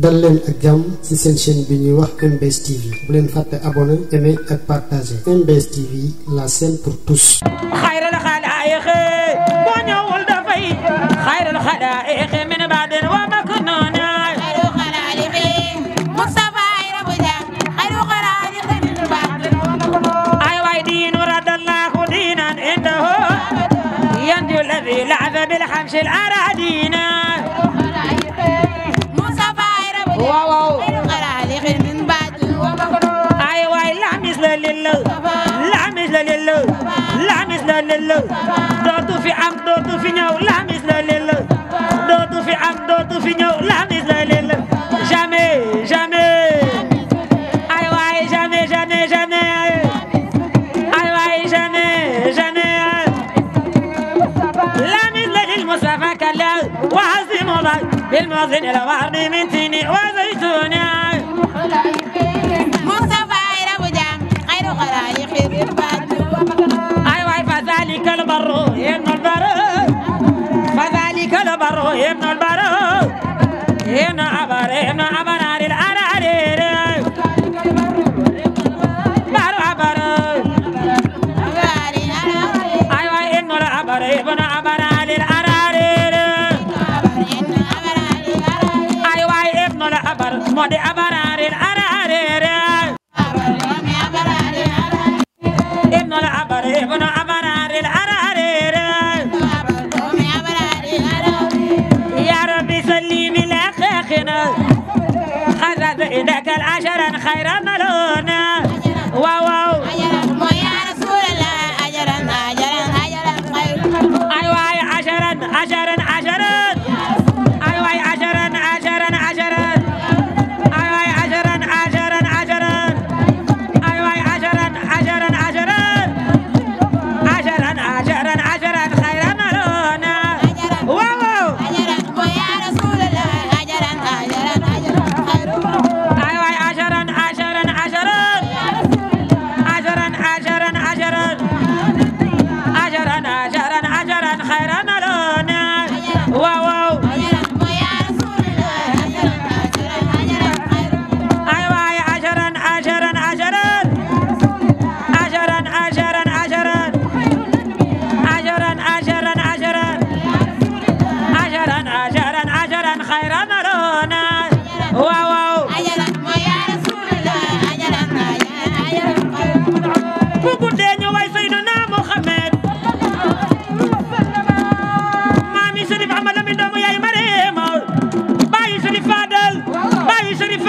dalen ak jam ci sen chaîne bi ñuy wax MBS TV bu len faté abonné aimé ak partager MBS TV la chaîne pour tous xayral xalaayiq boo ñëwul dafay xayral xalaayiq min baadin wa maknuna xayru xalaayiq Mustafa ay rabu ja xayru xalaayiq min baadin wa maknuna ay waay diinu radallahu diinan indahu yanju labi laaba bil xamsi al arad waaw waaw ay waay la misla lillah la misla lillah la dootu fi am dootu fi ñëw la misla dootu fi am dootu fi ñëw يا الأوارني من تيني وزيتوني مصطفى غير أبو جام غير غرالي أيوة،, أيوة فذلك البر ابن البر فذلك البر ابن البر ابن عبر ابن عبر moo di Amara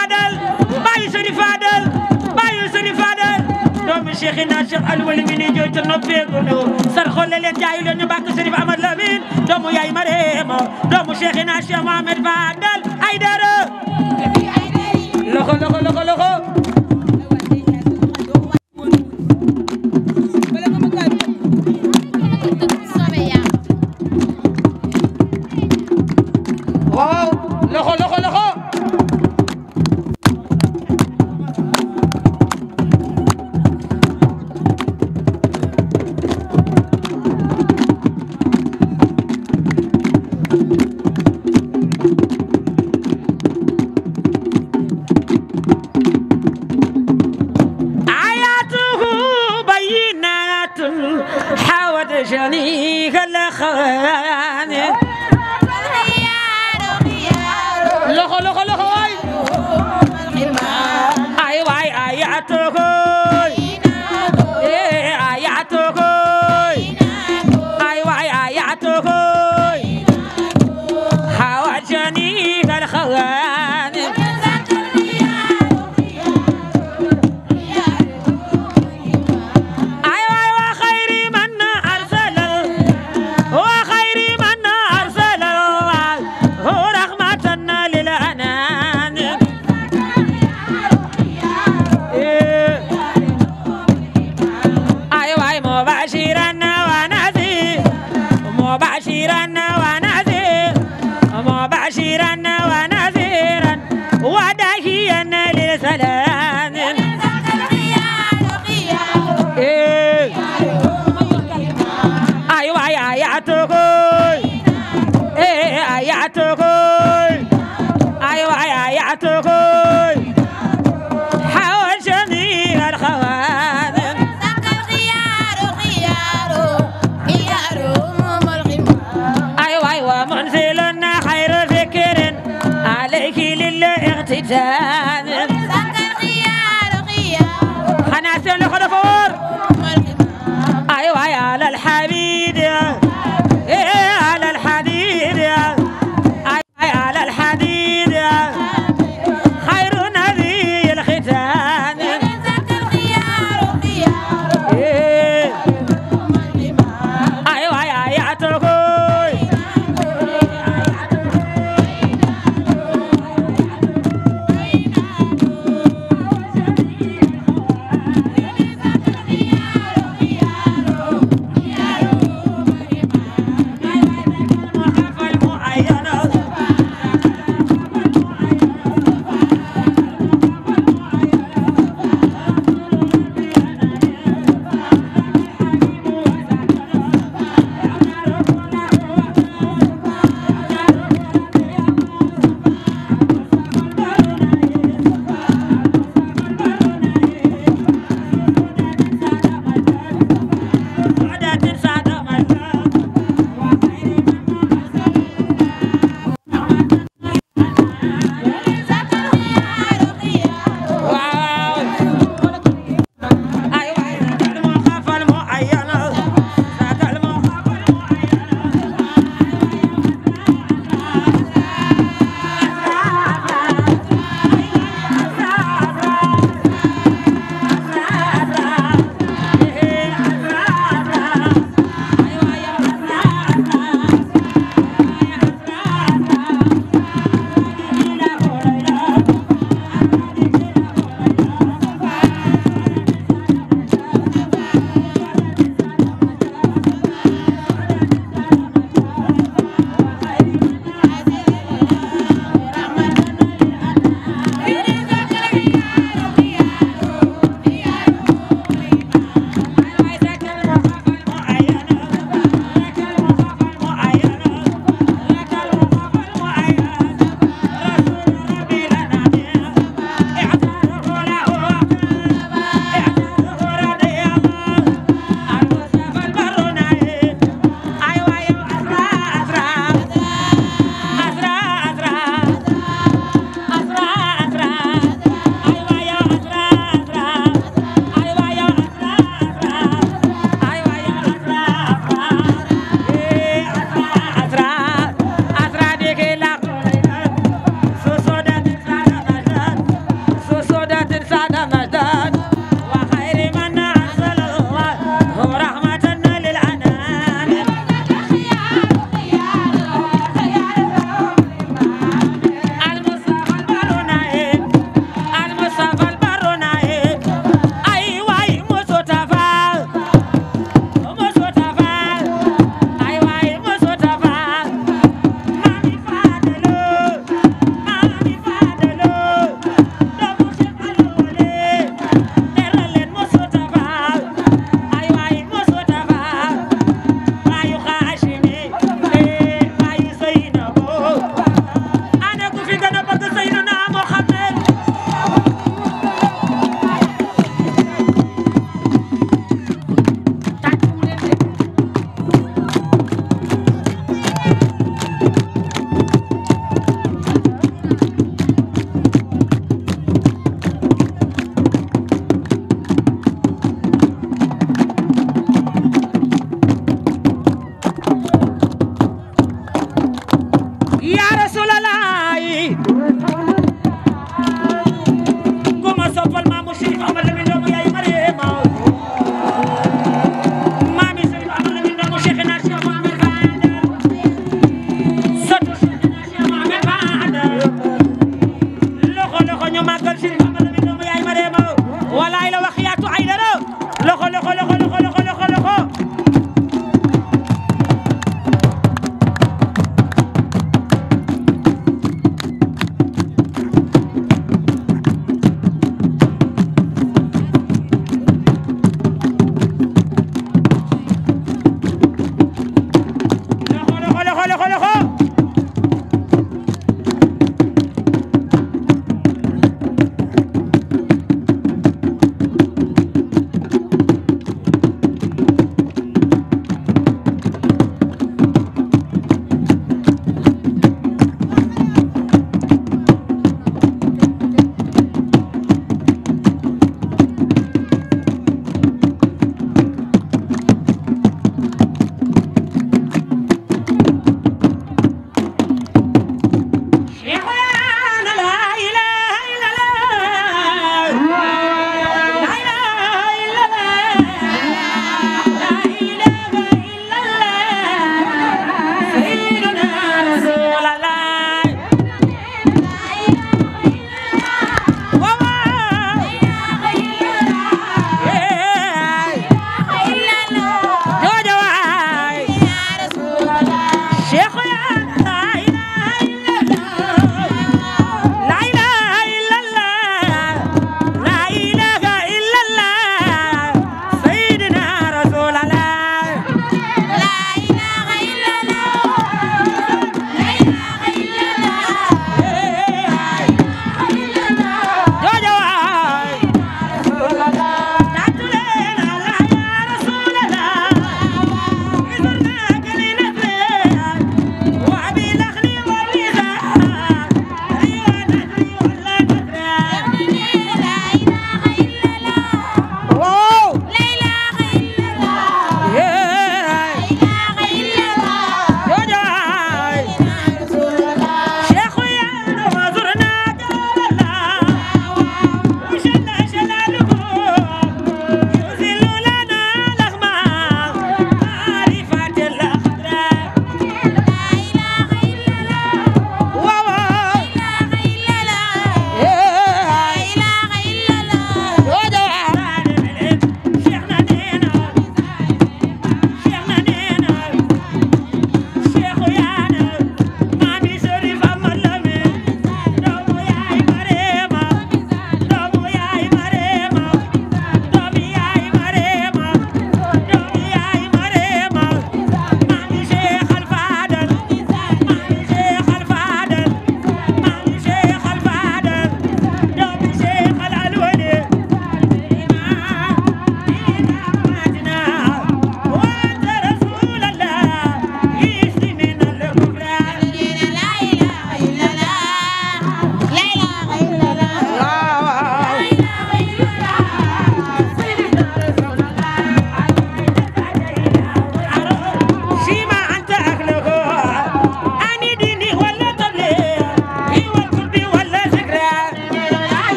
Fadal baayu Serigne Fadal baayu Serigne Fadal doomu Cheikh Ina Cheikh mi nii jooy te noppeeku ne leen jaayu leen ñu bàkk Serigne Amad Lamine doomu yaay Marema doomu Cheikh Ina Cheikh Mohamed ay dara loxo loxo loxo loxo